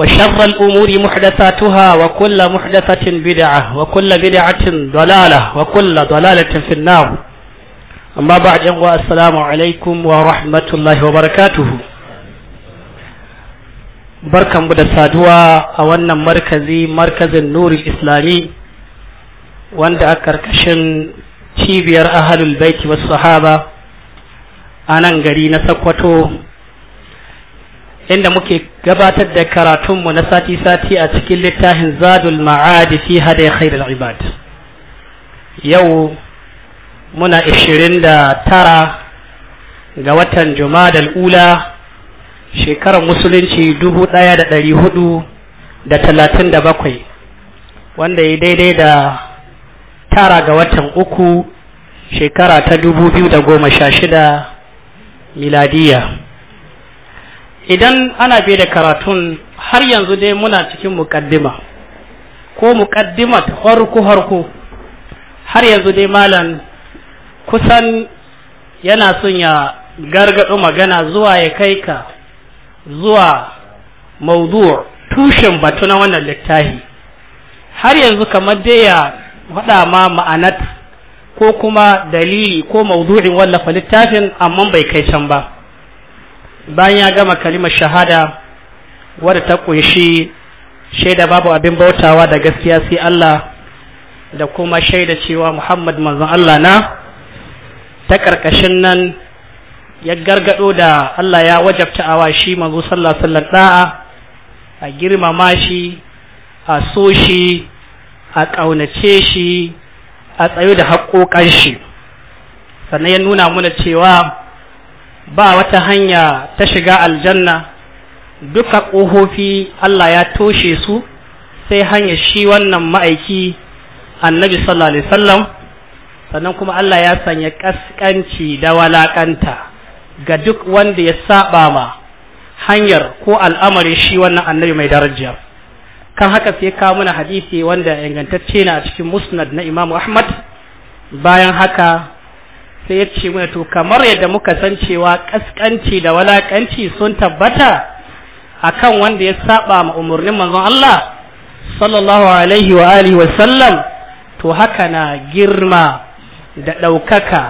وشر الأمور محدثاتها وكل محدثة بدعة وكل بدعة ضلالة وكل ضلالة في النار أما بعد السلام عليكم ورحمة الله وبركاته barkan mu da saduwa a wannan markazi markazin nurin islami wanda a karkashin cibiyar ahalul baiti wasu sahaba a nan gari na sakwato inda muke gabatar da karatunmu na sati-sati a cikin littafin zadul ma'adi fi hada khairul ibad yau muna 29 ga watan jumadal ula shekarar musulunci 1437 wanda ya daidai da tara ga watan uku shekara ta 2016 miladiya idan ana bai da karatun har yanzu dai muna cikin mukaddima ko mukaddima ta harko harko har yanzu dai malam kusan yana son ya gargaɗo magana zuwa ya kai ka zuwa maudu tushen batu na wannan littafi har yanzu kamar dai ya faɗa ma ma'anat ko kuma dalili ko maudu'in wallafa littafin amma bai kai can ba bayan ya gama kalimar shahada wadda ta ƙunshi shaida babu abin bautawa da gaskiya sai Allah da kuma shaida cewa Muhammad manzon Allah na ta ƙarƙashin nan ya gargado da Allah ya wajabta awa shi manzo sallallahu alaihi da'a a girmama shi a so shi a ƙaunace shi a tsayo da haƙoƙan shi sannan ya nuna mana cewa ba wata hanya ta shiga aljanna duka ƙofofi Allah ya toshe su sai hanyar shi wannan ma'aiki annabi sallallahu alaihi wasallam sannan kuma Allah ya sanya kaskanci da walakanta ga duk wanda ya saba ma hanyar ko al'amarin shi wannan annabi mai daraja kan haka sai ka muna hadisi wanda ingantacce na a cikin musnad na Imam Ahmad bayan haka sai ya ce mana to kamar yadda muka san cewa kaskanci da walakanci sun tabbata akan wanda ya saba ma umarnin manzon Allah sallallahu alaihi wa alihi wa sallam to haka na girma da ɗaukaka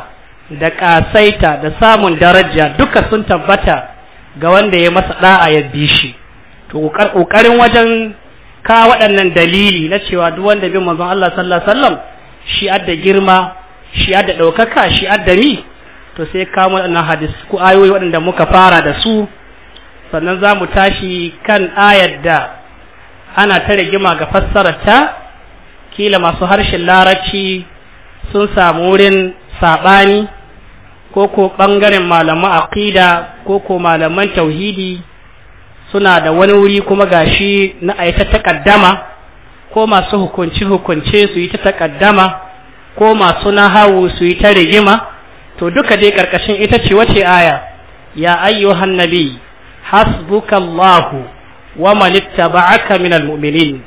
da ƙasaita da samun daraja duka sun tabbata ga wanda ya masa da'a ya bi shi to ƙoƙarin wajen ka waɗannan dalili na cewa duk wanda bin manzon Allah sallallahu alaihi wa sallam shi adda girma shi adda ɗaukaka shi adda ni to sai kamo na hadis ku ayoyi waɗanda muka fara da su sannan za mu tashi kan ayar da ana ta rigima ga fassararta kila masu harshen larabci sun samu wurin saɓani ko ko ɓangaren malaman aƙida ko ko malaman tauhidi suna da wani wuri kuma gashi na a ta takaddama ko masu hukunci hukunce su yi ta takaddama ko masu nahawu su yi ta rigima to duka dai karkashin ita ce wace aya ya ayyuhan nabi hasbukallahu wa man ittaba'aka min almu'minin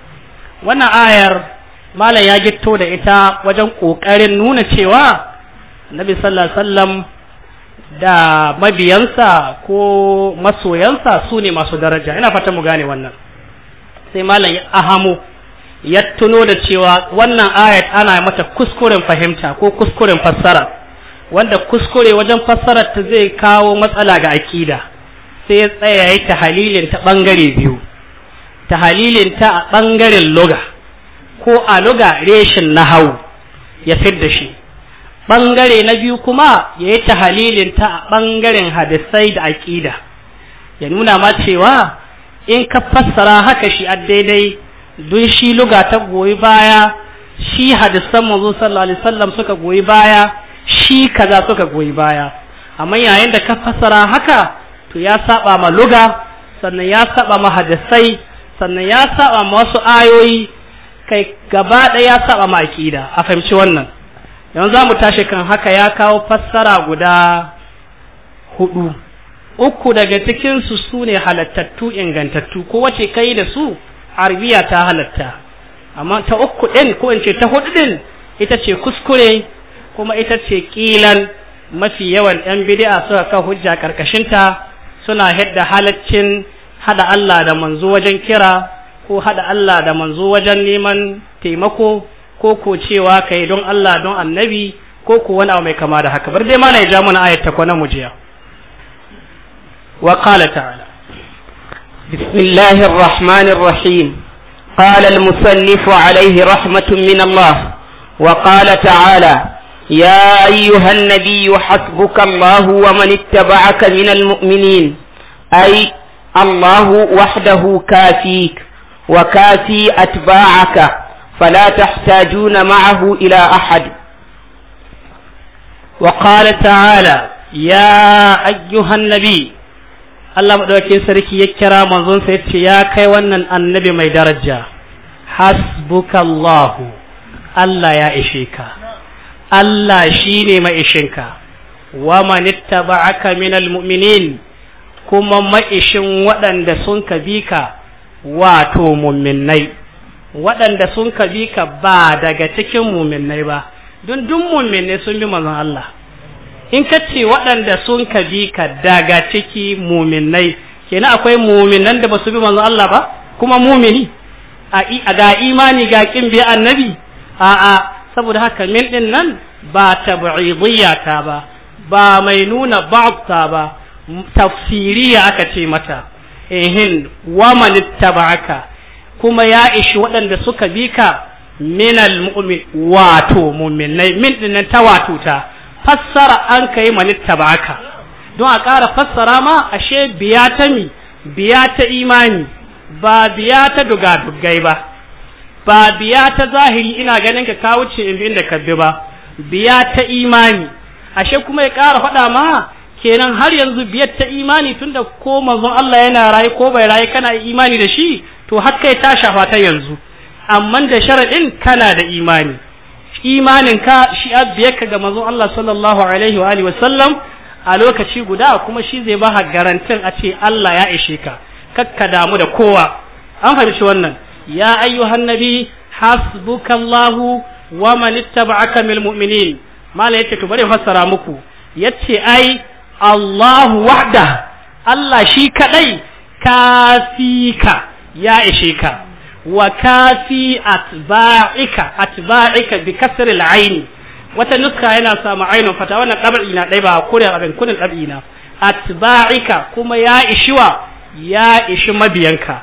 wannan ayar malam ya gitto da ita wajen kokarin nuna cewa nabi sallallahu alaihi wasallam da mabiyansa ko masoyansa su ne masu daraja ina fata mu gane wannan sai malam ya ahamu ya tuno da cewa wannan ayat ana mata kuskuren fahimta ko kuskuren fassara wanda kuskure wajen fassarar ta zai kawo matsala ga akida sai ya tsaya ya tahalilin ta bangare biyu tahalilin ta a bangaren loga ko a loga reshin nahawu ya fidda shi bangare na biyu kuma ya yi tahalilin ta a bangaren hadisai da akida ya nuna ma cewa in ka fassara haka shi a daidai duk shi luga ta goyi baya shi hadisan manzo sallallahu alaihi wasallam suka goyi baya shi kaza suka goyi baya amma yayin da ka fasara haka to ya saba ma luga sannan ya saba ma hadisai sannan ya saba ma wasu ayoyi kai gaba ɗaya ya saba ma aqida a fahimci wannan yanzu za mu tashi kan haka ya kawo fassara guda hudu uku daga cikinsu su ne halattattu ingantattu ko wace kai da su Arbiya ta halatta amma ta uku ɗin ko in ce ta hudu ɗin ita ce kuskure kuma ita ce kilan mafi yawan yan bidi'a suka kan hujja karkashin ta suna hidda halaccin hada Allah da manzo wajen kira ko hada Allah da manzo wajen neman taimako ko ko cewa kai don Allah don annabi ko ko wani abu mai kama da haka bar dai ma na ya ja mana ayat ta kwana mujiya wa qala ta'ala بسم الله الرحمن الرحيم قال المصنف عليه رحمة من الله وقال تعالى يا أيها النبي حسبك الله ومن اتبعك من المؤمنين أي الله وحده كافيك وكافي أتباعك فلا تحتاجون معه إلى أحد وقال تعالى يا أيها النبي Allah madaukakin sarki ya kira manzon sa yace ya kai wannan annabi mai daraja hasbukallahu Allah ya ishe ka Allah shine mai ishinka wa man ittaba'aka minal mu'minin kuma ma'ishin waɗanda sun ka bi ka wato mumminai. waɗanda sun ka bi ka ba daga cikin mumminai ba don duk mumminai sun bi manzon Allah in ka ce waɗanda sun ka bi ka daga ciki muminai kenan akwai muminan da ba su bi manzo Allah ba kuma mumini a ga imani ga kin bi annabi a a saboda haka min din nan ba tab'idiyya ta ba ba mai nuna ba'ta ba tafsiriya aka ce mata ehin wa man ittaba'aka kuma ya ishi waɗanda suka bi ka minal mu'min wato mu'minai min din ta wato ta fassara an kai ba ka don a ƙara fassara ma ashe biya ta mi biya ta imani ba biya ta dugadugai ba ba biya ta zahiri ina ganin ka kawo wuce in da ka bi ba biya ta imani ashe kuma ya ƙara faɗa ma kenan har yanzu biyar ta imani tunda ko manzon Allah yana rayu ko bai rayu kana imani da shi to har kai ta shafa ta yanzu amma da sharaɗin kana da imani Imanin ka shi abiyarka ga manzon Allah sallallahu alaihi wa alihi sallam a lokaci guda kuma shi zai ba garantin a ce Allah ya ishe ka kakka damu da kowa an fahimci wannan ya ayyuhan nabi hasbukallahu wa man ittaba'aka minal mu'minin mala yace to bari fassara muku yace ai Allahu wahda Allah shi kadai kafika ya ishe ka wa kafi atba'ika atba'ika bi kasr wata nuska yana samu ainun fata wannan dab'i na dai ba kurin abin kunin dab'i na atba'ika kuma ya ishiwa ya ishi mabiyanka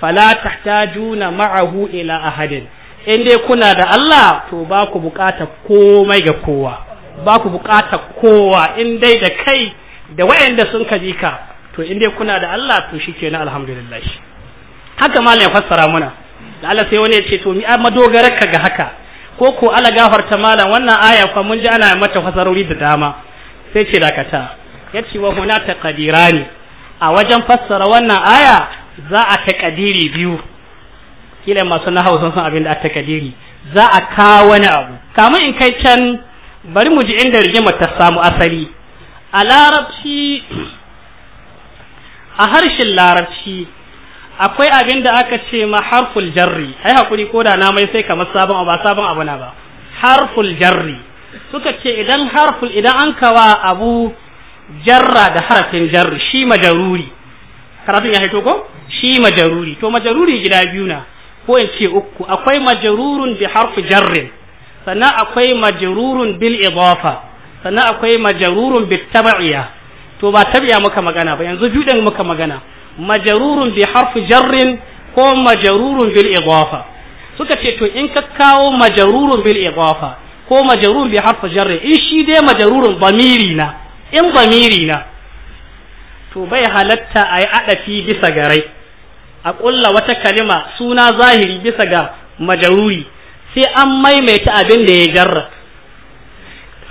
fala tahtajuna ma'ahu ila ahadin in dai kuna da Allah to ba ku bukata komai ga kowa ba ku bukata kowa in dai da kai da wayanda sun kaji ka to in dai kuna da Allah to shikenan alhamdulillah haka malam ya fassara muna da Allah sai wani ya ce to mi a madogarar ka ga haka ko ko Allah gafarta malam wannan aya fa mun ji ana mata fasarori da dama sai ce dakata ya ce wa huna qadirani a wajen fassara wannan aya za a kadiri biyu kila masu hausa sun abin da a kadiri za a kawo wani abu kamun in kai can bari mu ji inda rigima ta samu asali a larabci a harshen larabci akwai abin da aka ce ma harful jarri ai hakuri ko da na mai sai kamar sabon ba sabon abu na ba harful jarri suka ce idan harful idan an kawa abu jarra da harafin jarri shi majaruri karatun ya haito ko shi majaruri to majaruri gida biyu na ko in ce uku akwai majarurun bi harfi jarrin sannan akwai majarurun bil idafa sannan akwai majarurun bit tabi'a to ba tabi'a muka magana ba yanzu biyu muka magana majarurun bi harfi jarrin ko majarurun bil idafa suka ce to in ka kawo majarurun bil idafa ko majarurun bi harfi jarrin in shi dai majarurun bamiri na in bamiri na to bai halatta a yi adafi bisa garai a ƙulla wata kalima suna zahiri bisa ga majaruri sai an maimaita abin da ya jarra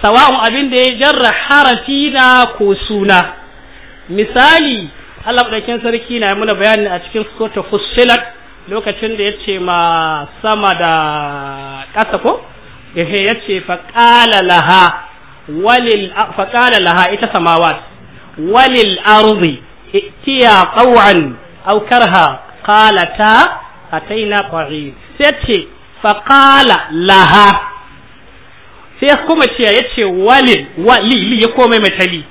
sawa'un abin da ya jarra harafi na ko suna misali Allah sarki na mana bayani a cikin sura Fussilat lokacin da yace ma sama da ƙasa ko ehe yace fa qala laha walil fa qala laha ita samawat walil ardi itiya taw'an aw karha qalata sai yace fa laha sai kuma ce yace walil wali ya komai mai tali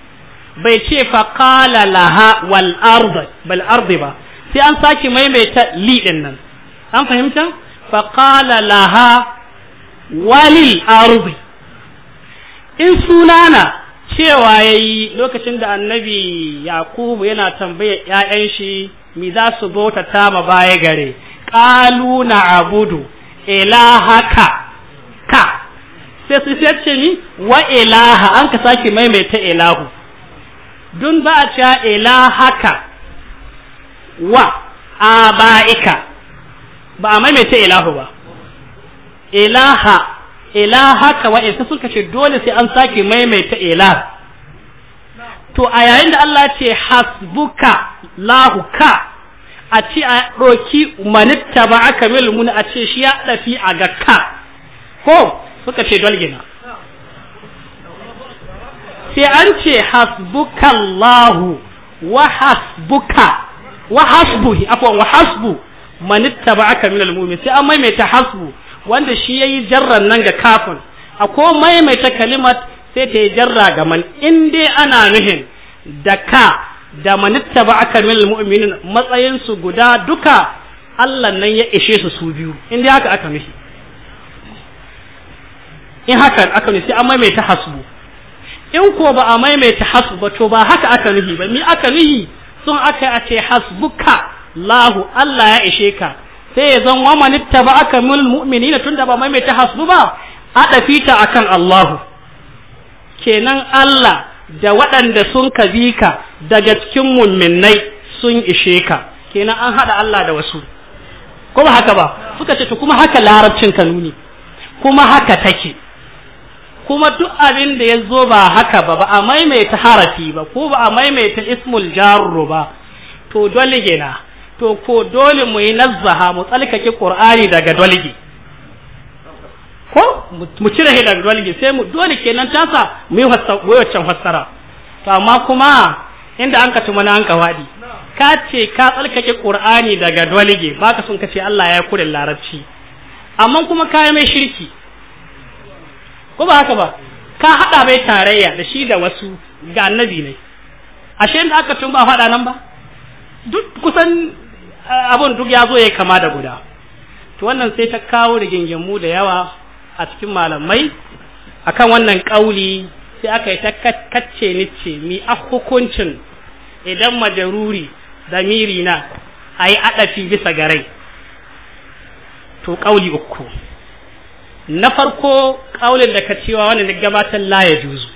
bai ce faƙala laha wal bal ardi ba sai an sake maimaita li din nan an fahimta faƙala laha walil ardi in sunana cewa ya yi lokacin da annabi yakubu yana tambayar 'ya'yan shi mi za su bota ta ma baya gare ƙalu na abudu ilahaka ka sai su ce ni wa ilaha an ka sake maimaita ilahu dun ba a cewa haka wa a ba'ika ba a maimaita ilahu ba ilaha ilahaka wa isa suka ce dole sai an sake maimaita ilah to a yayin da Allah ce hasbuka lahuka a ce a roki manitta ba aka milmuna a ce shi ya ɗafi a ga ka ko suka ce dole gina sai an ce hasbukallahu wa hasbuka wa hasbuhi afwan wa hasbu man ittaba'aka min almu'min sai an maimaita hasbu wanda shi yayi jarran nan ga kafin ako maimaita kalimat sai ta yi jarra ga man in dai ana nuhin da ka da man ittaba'aka min mu'minin matsayin su guda duka Allah nan ya ishe su su biyu in dai haka aka nuhi in haka aka nuhi sai an maimaita hasbu in ko ba a maimaita hasu ba to ba haka aka nuhi ba mi aka nuhi sun aka a ce hasbuka lahu Allah ya ishe ka sai ya zan wa manitta ba aka mil tunda ba maimaita hasbu ba a dafita akan Allahu kenan Allah da waɗanda sun bi ka daga cikin mu'minnai sun ishe ka kenan an haɗa Allah da wasu ko ba haka ba suka ce to kuma haka larabcin kanuni kuma haka take kuma duk abin da ya zo ba haka ba ba a maimaita harafi ba ko ba a maimaita ismul jarru ba to dole na to ko dole mu yi nazaha mu tsalkake qur'ani daga dole ko mu cire shi daga dole sai mu dole kenan tasa mu yi wacce fassara to amma kuma inda an ka tumana an ka wadi ka ce ka tsalkake qur'ani daga dolge baka sun kace Allah ya kure larabci amma kuma kayan mai shirki ko ba haka ba ka hada bai tarayya da shi da wasu ga annabi ne ashe da aka tun ba faɗa nan ba duk kusan eh, abun duk ya zo ya kama da guda to wannan sai ta kawo rigingimu da yawa a cikin malamai akan wannan kauli sai aka yi ta kacce nice mi a idan majaruri da na a yi adafi bisa garai to kauli uku na farko kaulin da ka cewa wani da gabatar la ya juzu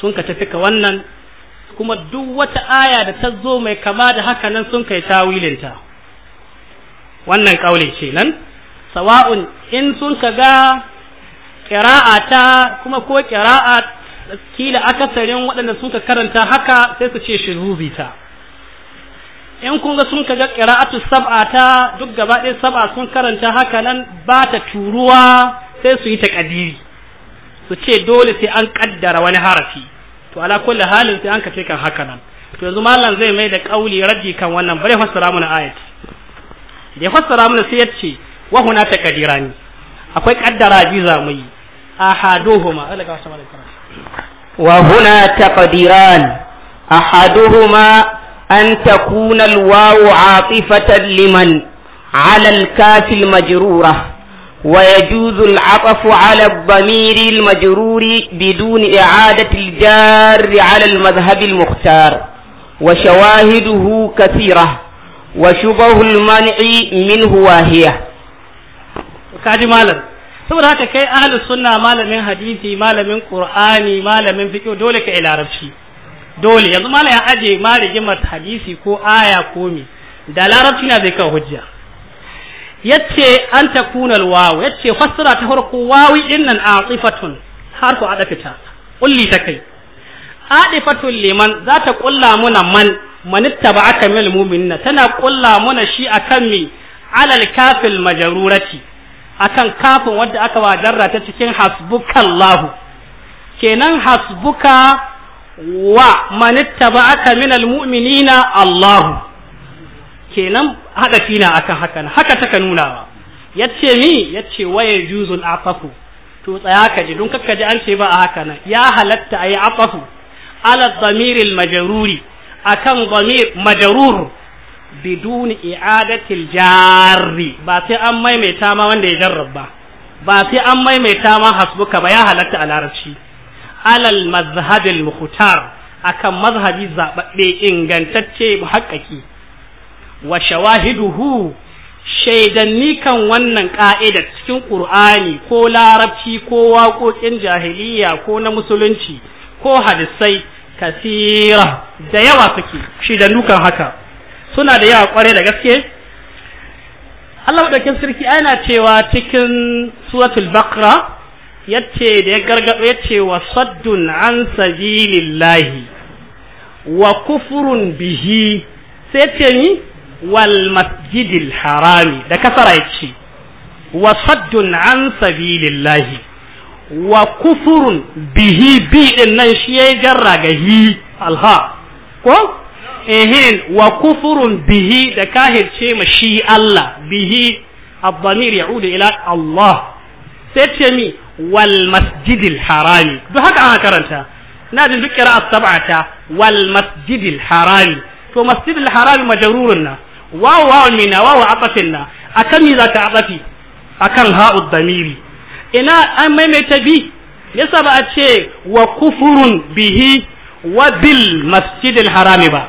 sun ka tafi ka wannan kuma duk wata aya da ta zo mai kama da haka nan sun kai tawilinta wannan kaulin ce nan sawa'un in sun ka ga ƙira'a ta kuma ko ƙira'a kila akasarin waɗanda suka karanta haka sai su ce shi shirubita in kun ga sun kaga qira'atu sab'a ta duk gaba ɗaya sab'a sun karanta haka nan ba ta turuwa sai su yi takadiri su ce dole sai an kaddara wani harafi to ala kulli halin sai an kace kan haka nan to yanzu mallan zai mai da kauli raddi kan wannan bare fassara mana ayat da fassara mana sai yace wa huna takadirani akwai kaddara ji za mu yi ahaduhuma alaka wa huna taqdiran ahaduhuma أن تكون الواو عاطفة لمن على الكاف المجرورة ويجوز العطف على الضمير المجرور بدون إعادة الجار على المذهب المختار وشواهده كثيرة وشبه المنع منه واهية kaji malam saboda haka kai ahlus sunna malamin hadisi malamin qur'ani malamin fiqh dole ka ilarabci dole yanzu mala ya aje ma rigimar hadisi ko aya ko mi da larabci na zai kawo hujja yace an ta kunal wawu yace fasara ta farko wawi a atifatun har ku fita kulli ta kai adifatul liman za ta kulla muna man manitta ba aka mil mu'minina tana kulla muna shi akan mi alal kafil majarurati akan kafin wadda aka wa darra ta cikin hasbukallahu kenan hasbuka wa aka minal mu'minina Allahu kenan hada fina akan hakan haka taka Ya yace ni ce waye juzul afafu to tsaya ka ji don kakkaji an ce ba a haka nan ya halatta yi afafu ala dhamiril majruri akan dhamir majrur bidun i'adatil jarri ba sai an maimaita ma wanda ya jarraba ba sai an maimaita ma hasbuka ba ya halatta a larabci alal mazhabil mukhtar akan mazhabi zababbe ingantacce muhakkaki wa shawahiduhu shaidanni kan wannan ka'ida cikin qur'ani ko larabci ko waƙoƙin jahiliya ko na musulunci ko hadisai kasira da yawa suke shaidannu kan haka suna da yawa kware da gaske Allah madaukin sarki ana cewa cikin suratul baqara yace da ya gargado yace wa saddun an sabilillahi wa kufrun bihi sai yace ni wal masjidil harami da kasara yace wa saddun an sabilillahi wa kufurun bihi bi din nan shi ya jarra ga hi alha ko ehin wa kufurun bihi da kahirce ma shi Allah bihi abdamir ya'udu ila Allah sai ce mi wal masjidil harami duk haka ana karanta na jin duk qira'a ta wal masjidil harami to masjidin harami majrurun na wawu wawu mina wawu aqafin na akan mi zaka aqafi akan ha'u damiri ina an maimaita bi yasa ba a ce wa kufurun bihi wa bil masjidil harami ba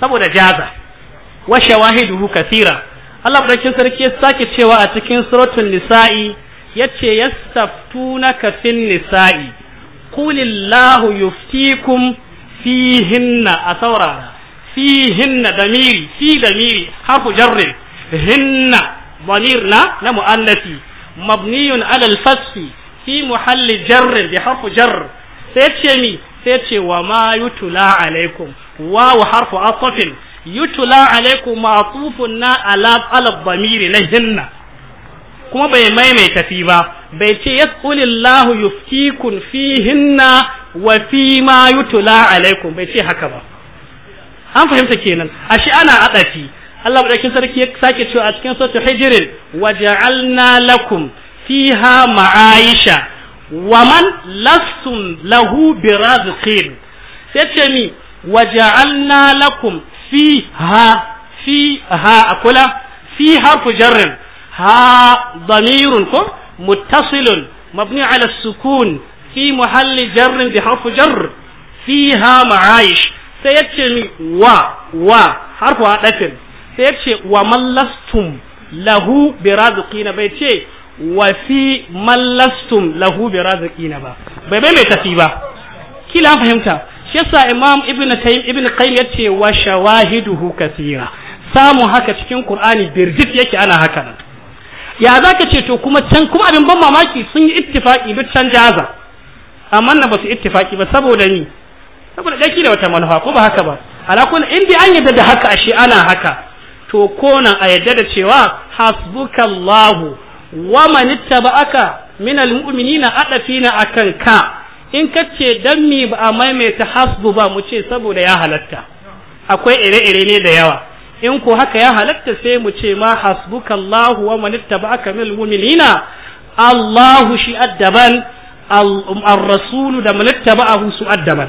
saboda jaza wa shawahiduhu kathira Allah barkin sarki sake cewa a cikin suratul nisa'i yace ce ya staftu na kafin nisa’i, kulillahu yuftikum fihinna a saurara, fihinna da miri, fi da miri, haku jarrin, hinna, bamir na, na mu’allafi, mabniyun alalfassi, fi muhalli jarrin da haku jar, sai ce mi, sai wa ma yutula alaikum, wawu harfu asofin, yutula alaikum ma tufun na alab alab bamiri na hinna. kuma bai maimaita fi ba bai ce yas'ulillahu yuftikun fihinna wa fi ma yutula alaikum bai ce haka ba an fahimta kenan ashe ana adafi Allah madaukin sarki ya sake cewa a cikin suratul hijr wa ja'alna lakum fiha ma'aisha wa man lastum lahu birazqin sai ce mi wa ja'alna lakum fiha fiha akula fi harfu jarrin ها ضمير كم متصل مبني على السكون في محل جر بحرف جر فيها معايش سيتشمي و و حرف عدفن سيتشي وملستم له برازقين بيتشي وفي ملستم له برازقين با بيبي ميتفي با كلا فهمتا شيسا امام ابن تيم ابن قيم يتشي وشواهده كثيرة samun haka cikin Qur'ani birjit yake ana haka nan ya za ka ce to kuma can kuma abin ban mamaki sun yi ittifaki duk can jaza amma nan ba su ittifaki ba saboda ni saboda ɗaki da wata manufa ko ba haka ba ala kun in an yadda da haka ashe ana haka to ko nan a yadda da cewa hasbukallahu wa man ittaba'aka min almu'minina adafina akan ka in ka ce dan mi ba a maimaita hasbu ba mu ce saboda ya halatta akwai ire-ire ne da yawa in ko haka ya halatta sai mu ce ma hasbukallahu wa man ittaba'aka minal mu'minina Allahu shi addaban ar-rasulu da man ittaba'ahu su addaban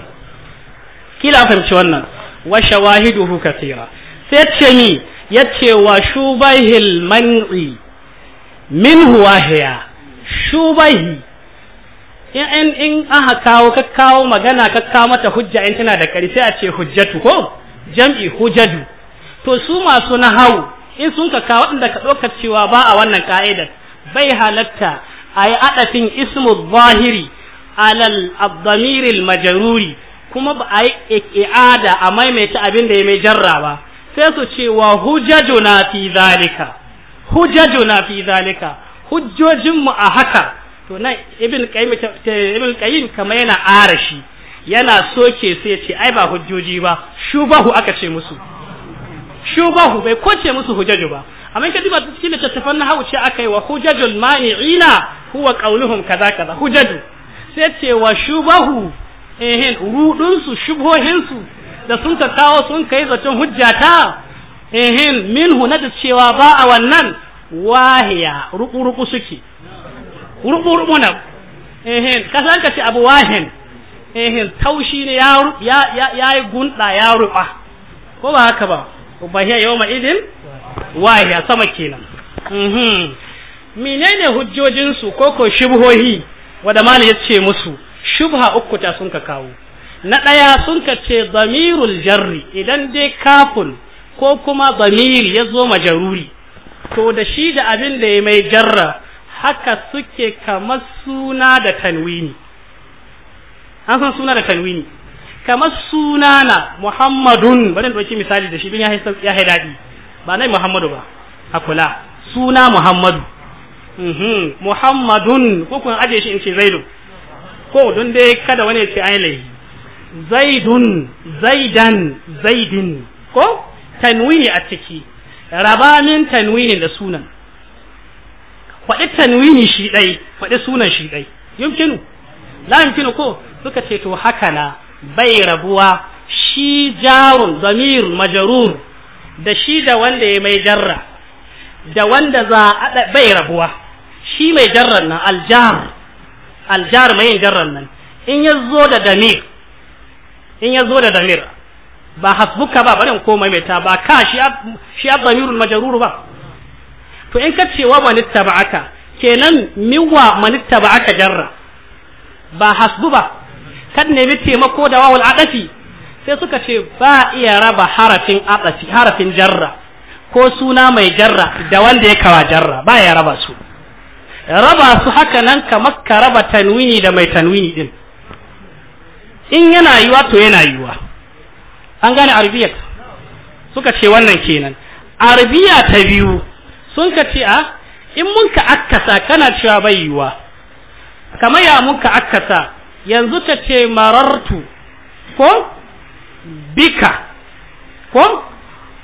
kila fahimci wannan wa shawahiduhu kathira sai ce ni yace wa shubahil man'i huwa wahiya shubahi in in aka kawo kakkawo magana kakkawo mata hujja in tana da kari a ce hujjatu ko jam'i hujjatu to su masu na hau in sun ka kawo waɗanda ka ɗaukar cewa ba a wannan ka'idar bai halatta a yi adafin ismu zahiri alal abdamiril majaruri kuma ba a yi i'ada a maimaita abin da ya mai jarra ba sai su cewa wa na fi zalika na fi zalika hujjojinmu a haka to nan ibn qayyim ibn qayyim kamar yana arashi yana soke sai ya ce ai ba hujjoji ba shubahu aka ce musu shubahu bai kwace musu hujaju ba amma ka diba cikin littattafan na hauce aka yi wa hujajul mani'ina huwa qauluhum kaza kaza hujaju sai ce wa shubahu eh rudun su su da sun ka kawo sun kai zaton hujjata eh min na da cewa ba a wannan wahiya ruku suke ruku ruku na eh kasan ka ce abu wahin eh taushi ne ya ya ya yi gunda ya ruba ko ba haka ba ubahiya yawma idin wahiya sama kenan mhm. menene hujjojinsu ko koko shubhohi wanda malam ya ce musu shubha uku ta sun ka kawo na ɗaya sun ka ce zamirul jarri idan dai kafin ko kuma zamiri ya zo majaruri to da shi da abin da ya mai jarra haka suke kamar suna da tanwini an san suna da tanwini kamar sunana muhammadun bari ɗauki misali da shi bin ya hai daɗi ba nai muhammadu ba a kula suna muhammadu mhm, muhammadun ko kun ajiye shi in ce zaidu ko don dai kada wani ya ce ainihi zaidun zaidan zaidin ko tanwini a ciki rabamin tanwini da sunan faɗi tanwini shi ɗai faɗi sunan shi ɗai yumkinu la yumkinu ko suka ce to haka na bai rabuwa shi jarun zamir majarur da shi da wanda ya mai jarra da wanda za a bai rabuwa shi mai jarran nan aljar aljar mai yin jarran nan in ya zo da damir in ya zo da damir ba hasbuka ba barin ko mai ta ba ka shi shi zamirul majarur ba to in ka ce wa man aka kenan miwa man aka jarra ba hasbu ba kan nemi taimako da wawul adafi sai suka ce ba iya raba harafin adafi harafin jarra ko suna mai jarra da wanda ya kawa jarra ba ya raba su raba su haka nan kamar ka raba tanwini da mai tanwini din in yana yiwa to yana yiwa an gane arabiya suka ce wannan kenan arabiya ta biyu sun ka ce a in mun ka akkasa kana cewa bai yiwa kamar ya mun ka akkasa yanzu ta ce marartu ko bika ko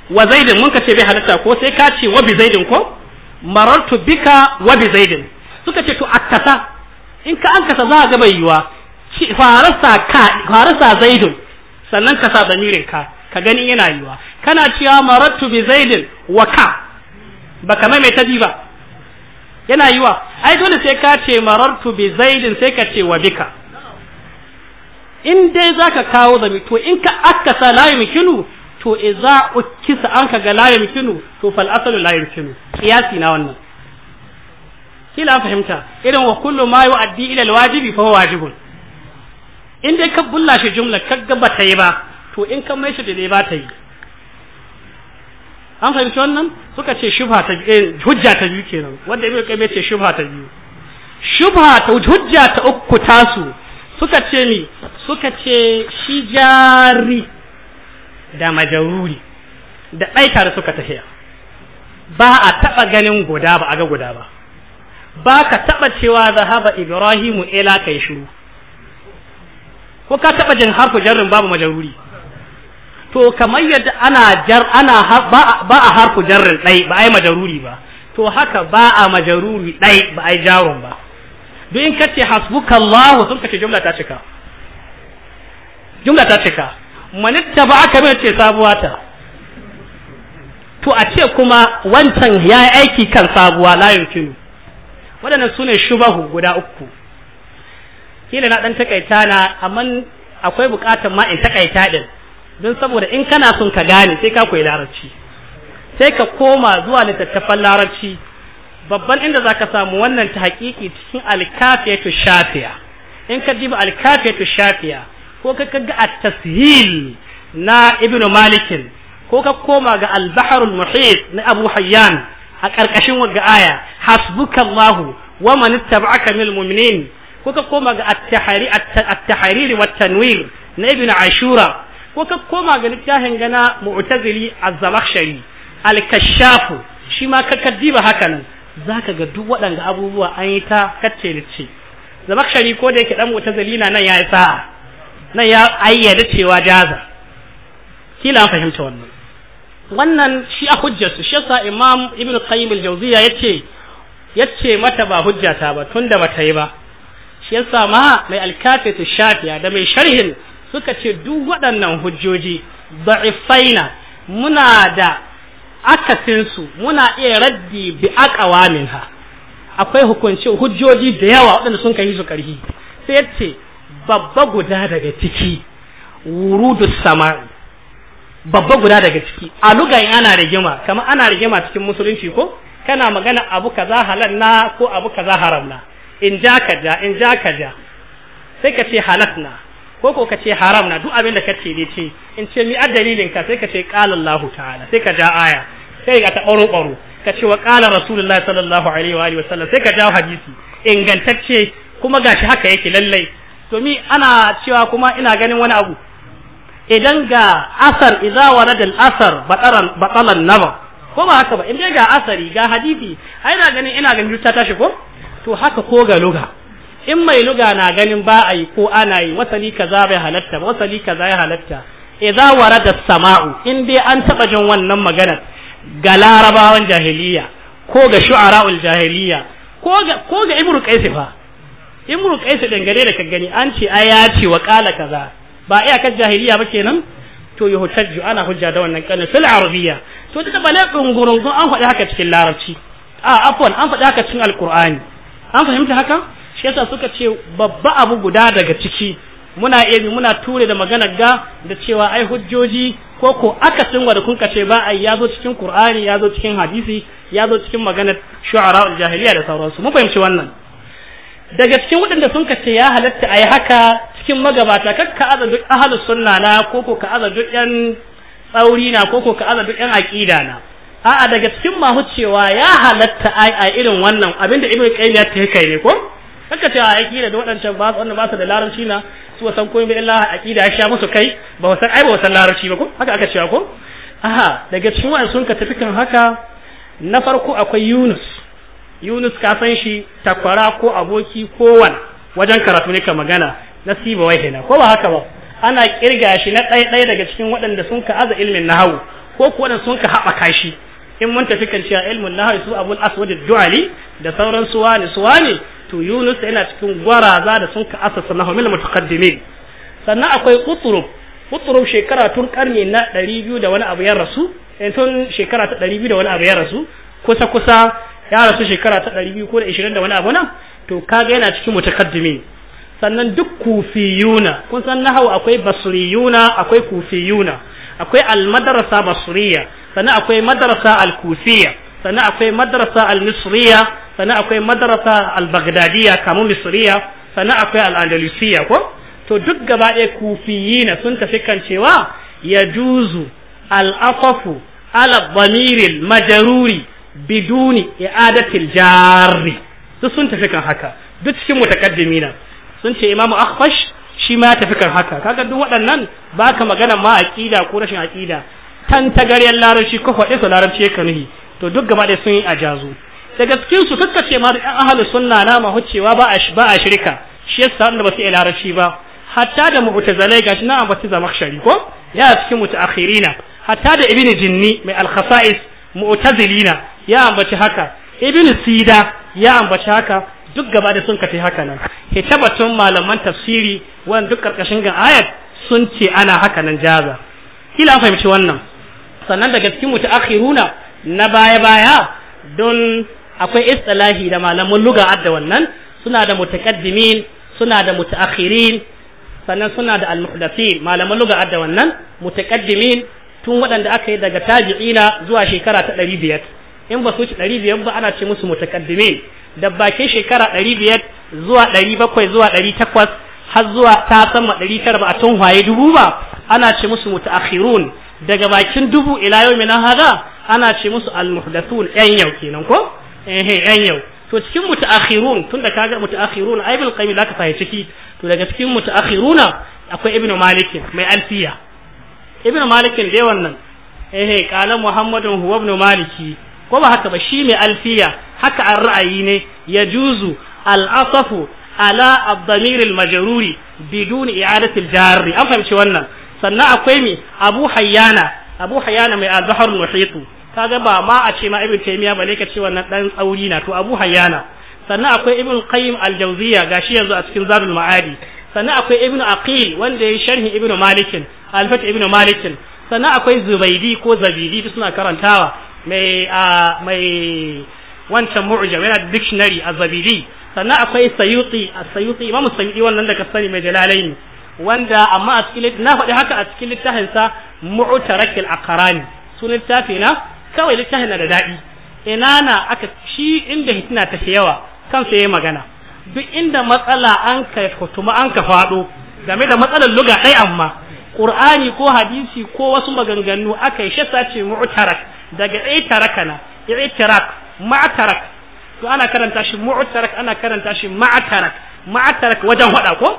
wa zaidin mun ka ce bai halatta ko sai ka ce wa bi zaidin ko marartu bika wa bi zaidin suka ce to akasa in ka an kasa za a gaba yiwa farasa ka farasa zaidin sannan ka sa damirin ka ka gani yana yiwa kana cewa marartu bi zaidin wa ka baka mai ta ba yana yiwa ai dole sai ka ce marartu bi zaidin sai ka ce wa bika in dai za ka kawo zami to in ka akasa layi yumkinu to a kisa an ka ga layi yumkinu to fal asalu la yumkinu na wannan kila fahimta irin wa kullu ma addi ila alwajibi fa huwa wajibun in dai ka bulla shi jumla ka ba ta yi ba to in ka mai shi da ba ta yi an fahimci wannan suka ce shubha ta eh hujja ta biyu kenan wanda kai qayyim ce shubha ta biyu shubha ta hujja ta uku tasu suka ce mi suka ce shi jari da majaruri da ɗaika da suka tafiya ba a taɓa ganin guda ba a ga guda ba ba ka taɓa cewa zahaba ibrahimu ila kai shiru ko ka taɓa jin harfu jarrin babu majaruri to kamar yadda ana jar ana ba a harfu jarrin ɗai ba a yi majaruri ba to haka ba a majaruri ɗai ba a yi jarun ba duk in kace hasbukallahu sun kace jumla ta cika jumla ta cika manitta ba aka mai ce sabuwa ta to a ce kuma wancan ya yi aiki kan sabuwa layin kinu waɗannan su ne shubahu guda uku kila na ɗan takaita na amma akwai buƙatar ma in takaita ɗin don saboda in kana son ka gane sai ka koyi larabci sai ka koma zuwa littattafan larabci babban inda za ka samu wannan ta hakiki cikin alkafiyatu shafiya in ka jiba alkafiyatu shafiya ko ka kaga a tashil na ibnu malikin ko ka koma ga albaharul muhit na abu hayyan a ƙarƙashin wagga aya hasbukallahu wa man ittaba'aka minal mu'minin ko ka koma ga at-tahari at-tahrir wa tanwir na ibnu ashura ko ka koma ga littafin gana mu'tazili az-zamakhshari al-kashshaf shi ma ka kaddiba hakanan zaka ga duk waɗanda abubuwa an yi ta kacce lice shari ko da yake dan mutazalina nan ya yi sa'a nan ya ayyada cewa jaza kila an fahimta wannan wannan shi a hujjarsu shi yasa imam ibn qayyim al-jawziya yace yace mata ba hujjata ba tun da bata yi ba shi yasa ma mai al-kafit shafiya da mai sharhin suka ce duk waɗannan hujjoji da'ifaina muna da akasinsu muna iya raddi bi min ha akwai hukunci hujjoji da yawa waɗanda sun kai su karhi sai yace babba guda daga ciki wurudu sama babba guda daga ciki a lugayen ana rigima kama ana rigima cikin musulunci ko kana magana abu kaza halal na ko abu kaza haram na in ja ka ja in ja ka ja sai ka ce halatna ko ko ka ce haram na duk abin da ce ne ce in ce mi addalilin ka sai ce qala Allahu ta'ala sai ka ja aya sai ka ta baro baro ce wa qala rasulullahi sallallahu alaihi wa alihi sallam sai ka ja hadisi ingantacce kuma gashi haka yake lallai to mi ana cewa kuma ina ganin wani abu idan ga asar idza waradal asar bataran batalan ko ba haka ba in dai ga asari ga hadisi ai na ganin ina ganin ta tashi ko to haka ko ga loga in mai luga na ganin ba a yi ko ana yi wasali kaza bai halatta ba wasali kaza ya halatta idza warada sama'u in dai an taba jin wannan maganar ga larabawan jahiliya ko ga shu'ara'ul jahiliya ko ga ko ga ibnu qais fa ibnu qais dangane da ka gani an ce ai ya ce wa qala kaza ba iya kan jahiliya ba kenan to yi hujjaju ana hujja da wannan kanin fil arabiyya to da bale gungurungun an faɗi haka cikin larabci a afwan an faɗi haka cikin alqur'ani an fahimta haka shi suka ce babba abu guda daga ciki muna emi muna ture da magana ga da cewa ai hujjoji ko ko aka akasin wanda kun ce ba ai yazo cikin Qur'ani yazo cikin hadisi yazo cikin magana shu'ara jahiliya da sauransu mun fahimci wannan daga cikin wadanda sun kace ya halatta ai haka cikin magabata kar ka aza duk ahlus sunna na ko ko ka aza duk yan tsauri na ko ko ka aza duk yan aqida na a'a daga cikin mahu ya halatta ai a irin wannan abinda ibnu qayyim ya ta kai ne ko kaka cewa aqida da waɗancan ba wannan ba su da larabci na su san komai a illa aqida ya sha musu kai ba san ai ba san larabci ba ko haka aka cewa ko aha daga cikin wa'an sun ka tafi kan haka na farko akwai Yunus Yunus ka san shi takwara ko aboki ko wajen karatu ne ka magana nasiba wai hina ko ba haka ba ana kirga shi na ɗaya ɗaya daga cikin waɗanda sun ka aza ilmin nahawu ko kuwa waɗanda sun ka haɓaka shi in mun tafi kan cewa ilmin nahawu su abul aswad du'ali da sauran suwa ne suwa ne to Yunus yana cikin gwaraza da sun ka asasa na homil mutakaddimi sannan akwai kuturub kuturub shekara tun karni na 200 da wani abu ya rasu eh tun shekara ta 200 da wani abu ya rasu kusa kusa ya rasu shekara ta 200 ko da 20 da wani abu nan to kaga yana cikin mutakaddimi sannan duk kufiyuna kun san nahawu akwai basriyuna akwai kufiyuna akwai almadrasa basriya sannan akwai madrasa alkufiya sannan akwai madrasa almisriya sannan akwai madarasa al kamu misriya sannan akwai al ko to duk gaba ɗaya kufiyina sun tafi kan cewa ya juzu al-aqafu majaruri dhamiril majruri biduni i'adatil jari duk sun tafi kan haka duk cikin na sun ce imamu akhfash shi ma tafi kan haka kaga duk waɗannan baka magana ma aqida ko rashin aqida tan larabci ko faɗi su larabci ya kanuhi to duk gaba ɗaya sun yi ajazu Da cikin su kakkace ma ɗan ahlus sunna na ma hucewa ba a ba a shirka shi yasa wanda ba su ilarashi ba hatta da mu'tazalai gashi na ambata zamakhshari ko ya cikin mutaakhirina hatta da ibn jinni mai al-khasa'is mu'tazilina ya ambaci haka ibn sida ya ambaci haka duk gaba da sun kace haka nan hitabatun malaman tafsiri wannan duk karkashin ga ayat sun ce ana haka nan jaza kila fahimci wannan sannan daga cikin mutaakhiruna na baya baya don akwai istilahi da malaman luga adda wannan suna da mutaqaddimin suna da mutaakhirin sannan suna da almuhdathin malaman luga adda wannan mutaqaddimin tun waɗanda aka yi daga tabi'ina zuwa shekara ta 500 in ba su ci 500 ba ana ce musu mutaqaddimin da bakin shekara 500 zuwa 700 zuwa 800 har zuwa ta sama 900 ba a tun waye dubu ba ana ce musu mutaakhirun daga bakin dubu ila yau min hada ana ce musu almuhdathun ɗan yau kenan ko eh yan yau to cikin mutaakhirun tunda kaga mutaakhirun ai bil qayyim ka fahimci to daga cikin mutaakhiruna akwai ibnu malik mai alfiya ibnu malik dai wannan eh qala muhammadun huwa ibnu maliki ko ba haka ba shi mai alfiya haka an ra'ayi ne ya juzu al'asafu ala abdamiril majaruri bidun i'adatil jarri an fahimci wannan sannan akwai mi abu hayyana abu hayyana mai azhar muhitu kaga ba ma a ce ma ibn taymiya bale ka ce wannan dan tsauri na to abu hayyana sannan akwai ibn qayyim al-jawziya gashi yanzu a cikin zadul ma'adi sannan akwai ibn aqil wanda ya sharhi ibn malikin al-fath ibn malikin sannan akwai zubaidi ko zabidi suna karantawa mai mai wancan mu'jam yana dictionary a zabidi sannan akwai sayuti a sayuti imamu sayuti wannan da ka sani mai jalalaini wanda amma a cikin na faɗi haka a cikin littafin sa mu'tarakil aqrani sunan littafi na kawai littafin na da daɗi ina na aka shi inda hitina ta yawa kansa yayi magana duk inda matsala an ka hutuma an ka faɗo game da matsalar luga amma ƙur'ani ko hadisi ko wasu maganganu aka yi shasa ce mu'tarak daga itarakana itarak ma'tarak to ana karanta shi mu'tarak ana karanta shi ma'tarak ma'tarak wajen hada ko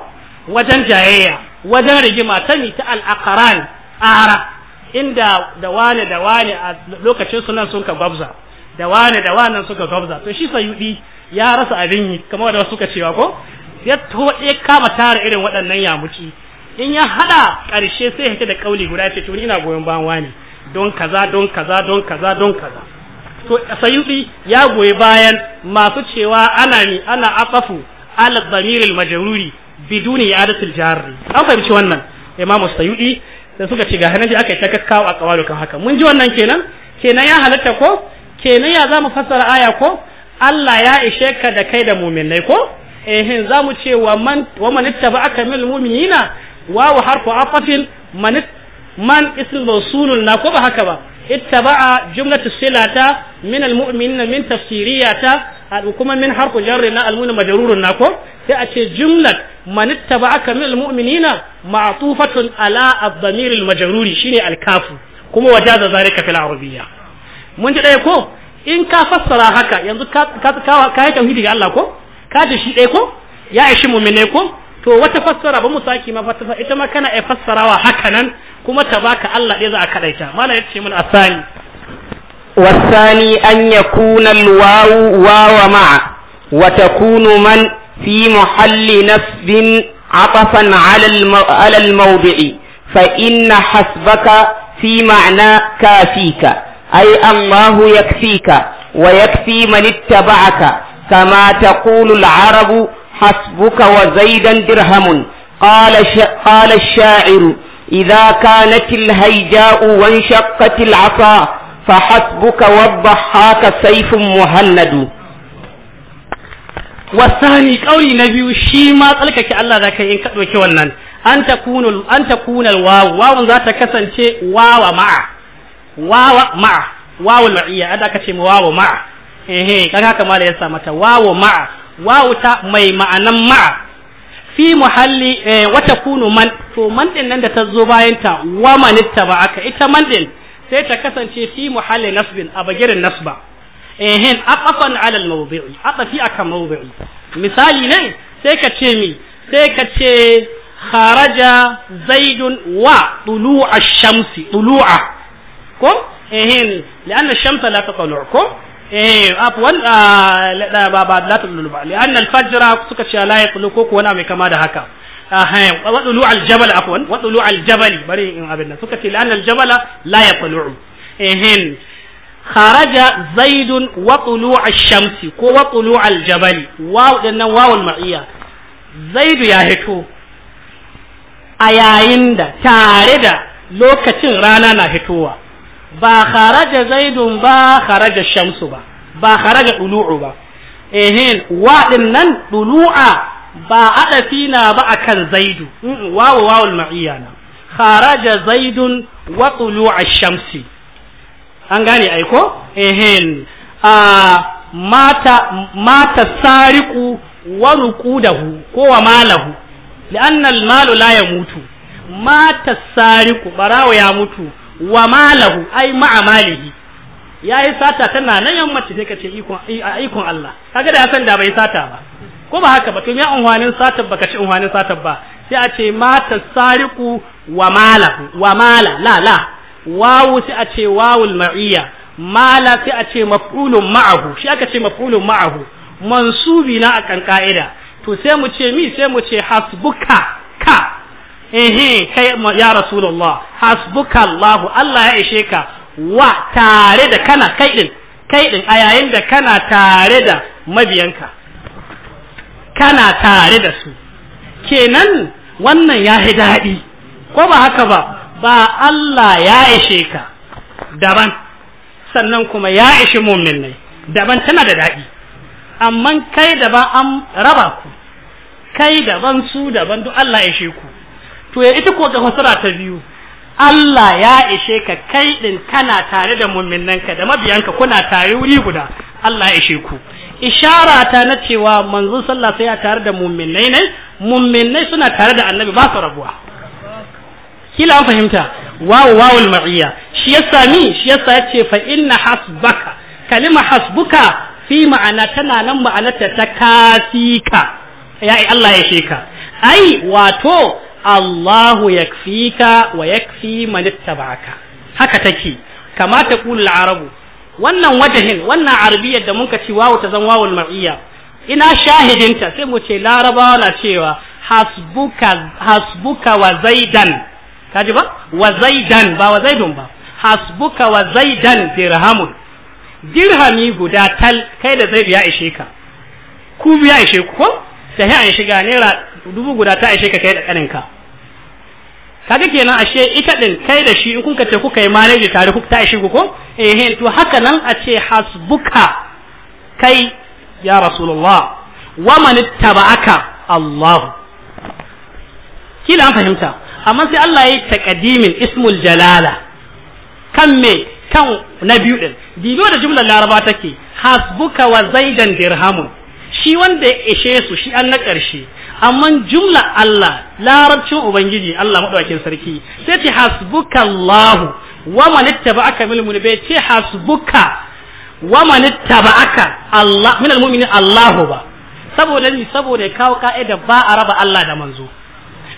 wajen jayayya wajen rigima ta ni ta al-aqran ara inda da wane da wane a lokacin sunan sun ka gwabza da wane da sun suka gwabza to shi sayudi ya rasa abin yi kamar da suka cewa ko ya toɗe kama tara irin waɗannan yamuci in ya haɗa ƙarshe sai ya da kauli guda ce tuni ina goyon bayan wani don kaza don kaza don kaza don kaza to sayudi ya goyi bayan masu cewa ana ni ana afafu al dhamiril majruri biduni yadatil jarri an fahimci wannan Imamu sayudi sai suka ce ga hanafi aka yi ta a kawalu kan haka mun ji wannan kenan kenan ya halatta ko kenan ya zamu fassara aya ko Allah ya ishe ka da kai da mu'minai ko eh mu ce wa man wa man aka min mu'minina wa harfu afafin man man ism mawsulun na ko ba haka ba اتبع جملة الصلة من المؤمنين tafsiriyata تفسيرية kuma min harfu jarri na almuna majrurun ko. sai a ce jumlat manitta ba aka mil mu'minina ma'tufatun ala ad-damir shine alkafu kuma wajaza zalika fil arabiyya mun ji dai ko in ka fassara haka yanzu ka ka ka yi tauhidi ga Allah ko ka ji shi dai ko ya ishi mu'mine ko to wata fassara ba mu saki ma fassara ita ma kana ai fassarawa haka nan kuma ta baka Allah dai za a kadaita malai yace mun asani والثاني أن يكون الواو واو مع وتكون في محل نفذ عطفا على على الموضع فإن حسبك في معنى كافيك أي الله يكفيك ويكفي من اتبعك كما تقول العرب حسبك وزيدا درهم قال قال الشاعر إذا كانت الهيجاء وانشقت العصا فحسبك والضحاك سيف مهند wasani kauli na biyu shi ma tsalkake Allah zaka in ka dauki wannan an takunu an takuna alwawu wawun za ta kasance wawa ma'a wawa ma'a wawu al'iyya ada kace mu wawu ma'a ehe eh kaga kamar ya sa mata wawu ma'a wawu ta mai ma'anan ma'a fi muhalli eh, wata kunu man to man din nan da ta zo bayan ta wa manitta ba aka ita man din sai ta kasance fi muhalli nasbin a bagirin nasba ehen aqafan ala mawdi'i misali ne sai ka ce mi sai ka ce kharaja zaidun wa tulu'a ash-shamsi tulu'a ko eh ah, la ba ba la ba al suka ce la ko mai kama da haka ah wadulu al jabal afwan al jabal bari in suka ce al la eh kharaja zaidun wa shamsi ko wa tulu'al jabali waw dinnan wawul ma'iyya zaidu ya hito a yayin da tare da lokacin rana na hitowa ba kharaja zaidun ba kharaja shamsu ba ba kharaja tulu'u ba ehin wa dinnan tulu'a ba adafi fina ba akan zaidu wawu wawul ma'iyya na kharaja zaidun wa shamsi an gane aiko. ehen a mata mata sariqu wa ruqudahu ko wa malahu li'anna al-malu la yamutu mata sariku barawo ya mutu wa malahu ai ma'a malihi yayi sata tana nan yammaci sai ka ce ikon ikon Allah kaga da san da bai sata ba ko ba haka ba to ya unhwanin sata ba ci unhwanin sata ba sai a ce mata sariku wa malahu wa mala la la wawu sai a ce wawul ma'iyya mala sai a ce maf'ulun ma'ahu shi aka ce maf'ulun ma'ahu mansubi na kan ka'ida to sai mu ce mi sai mu ce hasbuka ka eh kai ya rasulullah hasbuka allah allah ya ishe ka wa tare da kana kai din kai din a yayin da kana tare da mabiyanka kana tare da su kenan wannan ya daɗi ko ba haka ba ba Allah ya ishe ka daban sannan kuma ya ishe mumin ne daban tana da daɗi amma kai daban an raba ku kai daban su daban duk Allah ya ishe ku to ya ita ko ga fasara ta biyu Allah ya ishe ka kai din kana tare da ka da mabiyanka kuna tare wuri guda Allah ya ishe ku ishara ta na cewa manzon sallah sai ya tare da muminai ne muminai suna tare da annabi ba su rabuwa kila an fahimta wawu wawul ma'iyya shi ya sami shi yasa yace fa inna hasbaka kalima hasbuka fi ma'ana tana nan ma'anarta ta kasika ya Allah ya sheka ai wato Allahu yakfika wa yakfi man ittaba'aka haka take kama ta kula arabu wannan wajahin wannan arabiyar da muka ci wawu ta zan wawul ma'iyya ina shahidinta sai mu ce larabawa na cewa hasbuka hasbuka wa zaidan kaji ba wa zaidan ba wa zaidun ba hasbuka wa zaidan dirhamun dirhami guda tal kai da zaidu ya ishe ka ku biya ishe ku ko sai an shiga naira dubu guda ta ishe ka kai da ka kaga kenan ashe ita din kai da shi in kuka ce kuka yi manage tare kuka ta ishe ku ko eh to haka nan a ce hasbuka kai ya rasulullah wa man ittaba'aka Allah kila an fahimta amma sai Allah ya yi taqdimin ismul jalala kan me kan na biyu din da jumlar laraba take hasbuka wa zaidan dirhamun shi wanda ya ishe su shi an na ƙarshe amma jumla Allah larabcin ubangiji Allah madaukakin sarki sai ce hasbuka Allah wa man ittaba'aka min bai ce hasbuka wa man ittaba'aka Allah min almu'minin Allah ba saboda ni saboda kawo ka'ida ba a raba Allah da manzo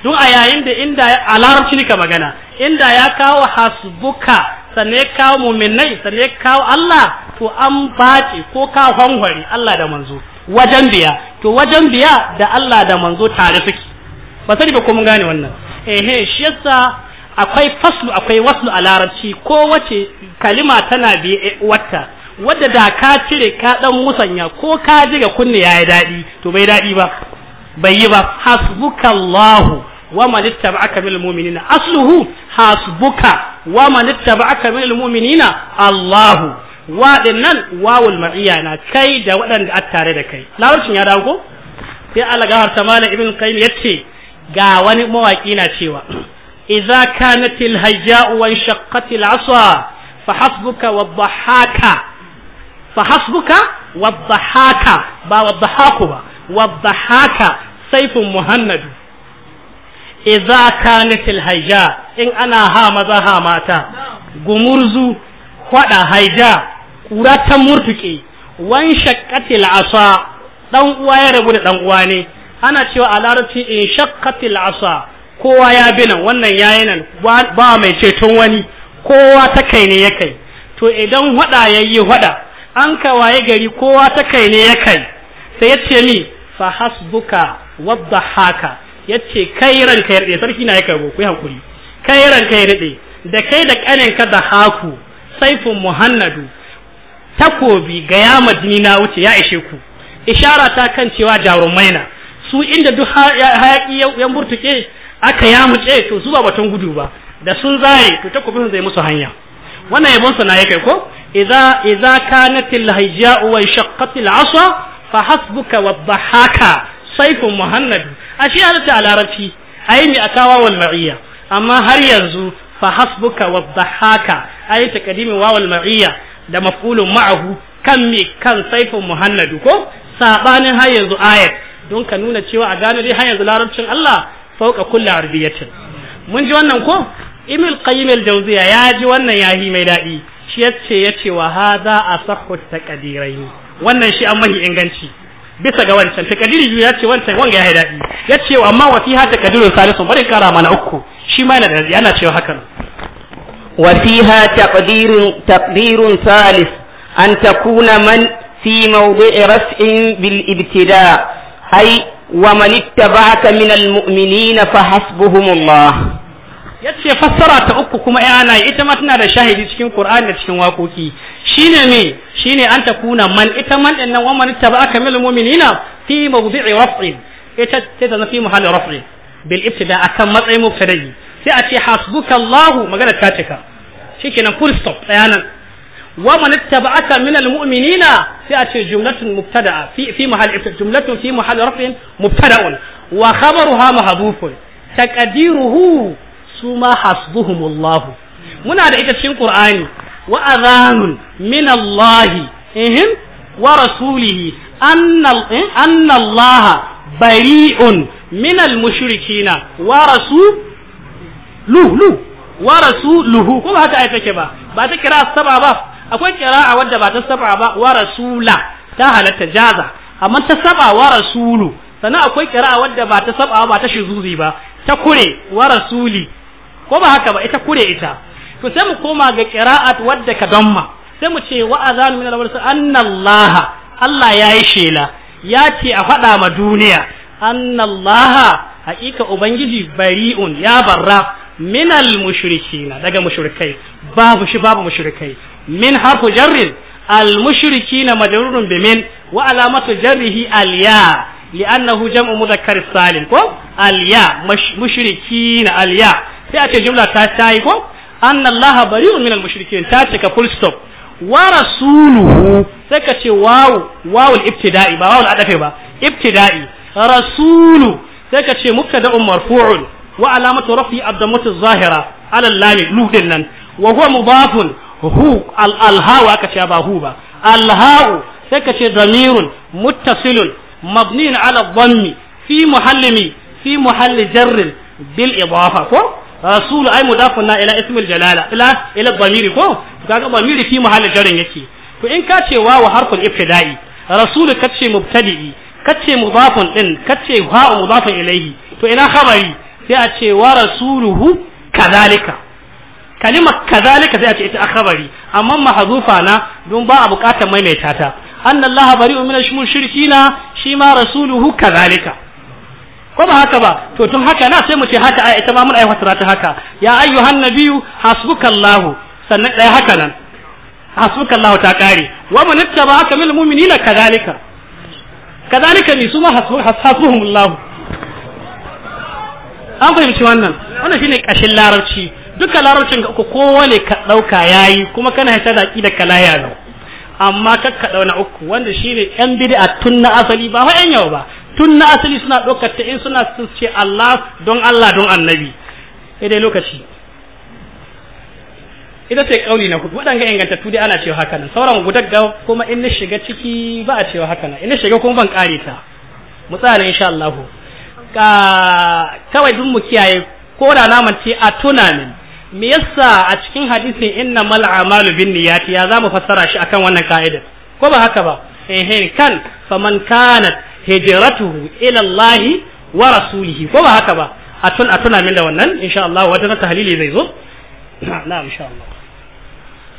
Dun a yayin da inda a larabci nika magana inda ya kawo hasbuka sannan ya kawo muminai sannan ya kawo Allah to an bace ko ka hanwari Allah da manzo wajen biya to wajen biya da Allah da manzo tare suke ba sani ba ko gane wannan ehe shi yasa akwai faslu akwai waslu a larabci ko wace kalima tana biye eh, wata wadda da ka cire ka dan musanya ko ka ji ga kunne yayi dadi to bai dadi ba bai yi ba hasbukallahu ومن اتبعك من المؤمنين أصله حسبك ومن اتبعك من المؤمنين الله waɗannan wawul ma'iya na kai da waɗanda a tare da kai lawarcin ya dawo ko sai Allah ta malam ibn qayyim yace ga wani mawaki na cewa idza kanat al hajja'u wa shaqqat al 'aswa fa hasbuka wa dhahaka fa hasbuka wa dhahaka ba wa dhahaku ba wa dhahaka sayfun muhannadu idza kanatil haija in ana ha maza ha mata gumurzu kwada haija kura ta murtuke wan shaqqatil asa dan uwa ya rabu da dan uwa ne ana cewa a larabci in shaqqatil asa kowa ya bi wannan yayin nan ba mai ceton wani kowa ta kai ne ya kai to idan hada yayi hada an ka waye gari kowa ta kai ne ya kai sai ya ce mi fa hasbuka wadda haka yace kai ranka yarde sarki na ya karbo ku hakuri kai ranka yarde da kai da kanin da haku saifun muhannadu takobi ga ya madini na wuce ya ishe ku ishara ta kan cewa jarumai na su inda duk hayaki ya murtuke aka ya muce to su ba batun gudu ba da sun zaye to takobin zai musu hanya wannan yabon sa na kai ko idza idza kanatil hija'u wa shaqqatil 'asa fa hasbuka wa dhahaka sayfun muhannadu A ashe halatta a larabci ai mi akawa wal ma'iyya amma har yanzu fa hasbuka wadhahaka ai taqdimi wa wal ma'iyya da maf'ulun ma'ahu kan mi kan saifin muhannadu ko sabanin har yanzu ayat don ka nuna cewa a gane dai har yanzu larabcin Allah fauka kulli arabiyatin mun ji wannan ko imil qayyim al-jawziya ya ji wannan yahi mai dadi shi yace yace wa hadha asahhu taqdirai wannan shi an mahi inganci bisa ga wancan takadiri biyu ya ce wancan wanga ya yi daɗi ya ce amma wasiha takadirin salisu bari kara mana uku shi ma yana da daɗi ana cewa hakan وفيها تقدير تقدير ثالث أن تكون من في موضع رفع بالابتداء أي ومن اتبعك من المؤمنين فحسبهم الله yace fassara ta uku kuma ya ana ita ma tana da shahidi cikin Qur'ani da cikin waƙoƙi shine me shine an ta kuna man ita man din nan waman tabaka mil mu'minina fi mawdi'i raf'in ita ce ta fi mahall raf'in bil ibtida akan matsayin mubtada'i sai a ce hasbuka Allah magana ta cika shikenan full stop bayanan waman tabaka min al mu'minina sai a ce jumlatun mubtada'a fi fi mahall jumlatun fi mahall raf'in mubtada'un wa khabaruha mahdhufun taqdiruhu su ma hasbuhumullahu muna da ita cikin qur'ani wa adhanun min Allah ihim wa rasulihi anna eh, Allah bari'un min al-mushrikina wa rasuluhu wa rasuluhu ko ba haka ai take ba ba ta kira saba ba akwai kira'a wadda ba ta saba ba wa rasula ta halatta jaza amma ta saba wa rasulu sannan akwai kira'a wadda ba ta saba ba ta shizuzi ba ta kure wa rasuli ko ba haka ba ita kure ita to sai mu koma ga qira'at wadda ka damma sai mu ce wa azan min al-wars annallaha Allah ya yi shela ya ce a faɗa ma duniya annallaha haƙiƙa ubangiji bari'un ya barra min al-mushrikina daga mushrikai babu shi babu mushrikai min harfu jarrin al-mushrikina majrurun bi wa alamatu jarrihi al li'annahu jam'u mudhakkar salim ko al mushrikina al sai a ce jumla ta tayi ko anna allaha bari'un minal mushrikin ta cika full stop wa rasuluhu sai ka ce wawu wawul ibtida'i ba al-adafi ba ibtida'i rasulu sai ka ce mubtada'un marfu'un wa alamatu rafi ad-dammatu zahira ala allahi ludin nan wa huwa mudafun hu al-alhawa ce ba hu ba alhawu sai ka ce damirun muttasilun mabnin ala dhammi fi muhallimi fi muhalli jarrin bil idafa ko rasulu ai mudafun na ila ismul jalala ila ila bamiri ko kaga bamiri fi mahallin jarin yake to in ka ce wawu harful ibtida'i rasul ka ce mubtadi'i ka ce mudafun din ka ce mudafun ilaihi to ina khabari sai a ce wa rasuluhu kadalika kalima kadalika sai a ce ita akhbari amma mahzufa na don ba a bukatar maimaita ta annallaha bari'un min shirkina shi ma rasuluhu kadalika. ko ba haka ba to tun haka na sai mu ce haka a ita ma mun aiwata ta haka ya ayyuhan nabiyyu hasbukallahu sannan dai haka nan hasbukallahu ta kare wa man ittaba'aka minal mu'minina kadhalika kadhalika ni suma hasbuhumullahu an fahimci wannan wannan shine kashin larabci duka larabcin ka uku ne ka dauka yayi kuma kana hita da kida kala ya amma kakka dauna uku wanda shine yan bid'a tun na asali ba fa yan yau ba tun na asali suna ɗaukar ta in suna sun ce Allah don Allah don annabi dai lokaci ita ce kauli na hudu waɗanga ingantattu dai ana cewa haka nan sauran gudagga kuma in na shiga ciki ba a cewa haka nan in na shiga kuma ban kare ta mu insha Allah ka kawai duk mu kiyaye ko da naman ce a tuna min me yasa a cikin hadisin inna mal amalu bin niyyat ya zamu fassara shi akan wannan ka'idar ko ba haka ba eh kan faman kanat hijratuhu ila Allah wa rasulihi ko ba haka ba a tun a tuna min da wannan insha Allah wata tahlili zai zo na'am insha Allah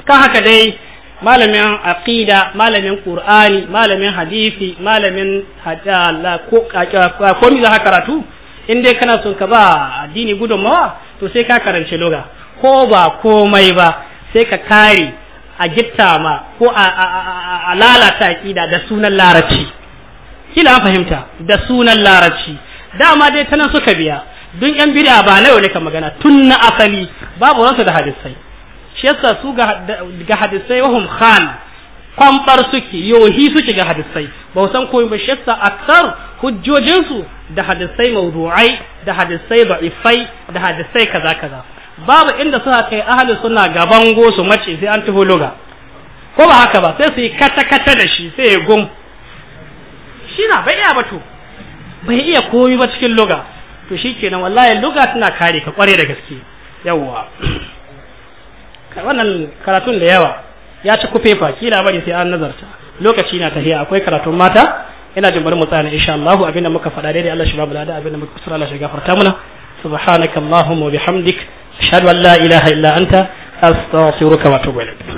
ka haka dai malamin aqida malamin qur'ani malamin hadisi malamin Allah ko ko mi za karatu in dai kana son ka ba addini gudunmawa to sai ka karanci loga ko ba komai ba sai ka kare a gitta ma ko a lalata aqida da sunan larabci kila fahimta da sunan larabci dama dai ta nan suka biya dun yan bid'a ba na yau ne ka magana tun na asali babu wasu da hadisai shi yasa su ga hadisai wahum khan kwambar suke yohi suke ga hadisai ba san koyi ba shi yasa aksar hujjojinsu da hadisai mawdu'ai da hadisai da'ifai da hadisai kaza kaza babu inda suna kai ahli suna gaban go su mace sai an taho loga ko ba haka ba sai su yi kata kata da shi sai ya gum shi na bai iya ba bai iya komi ba cikin luga to shi kenan wallahi luga tana kare ka kware da gaske yawwa wannan karatun da yawa ya ci kufe fa kila bari sai an nazarta lokaci na tafiya akwai karatun mata ina jin bari mu tsaya insha Allah abinda muka faɗa daidai Allah shi ba bulada abinda muka kusura Allah shi gafarta muna subhanakallahumma wa bihamdik ashhadu an la ilaha illa anta astaghfiruka wa atubu ilaik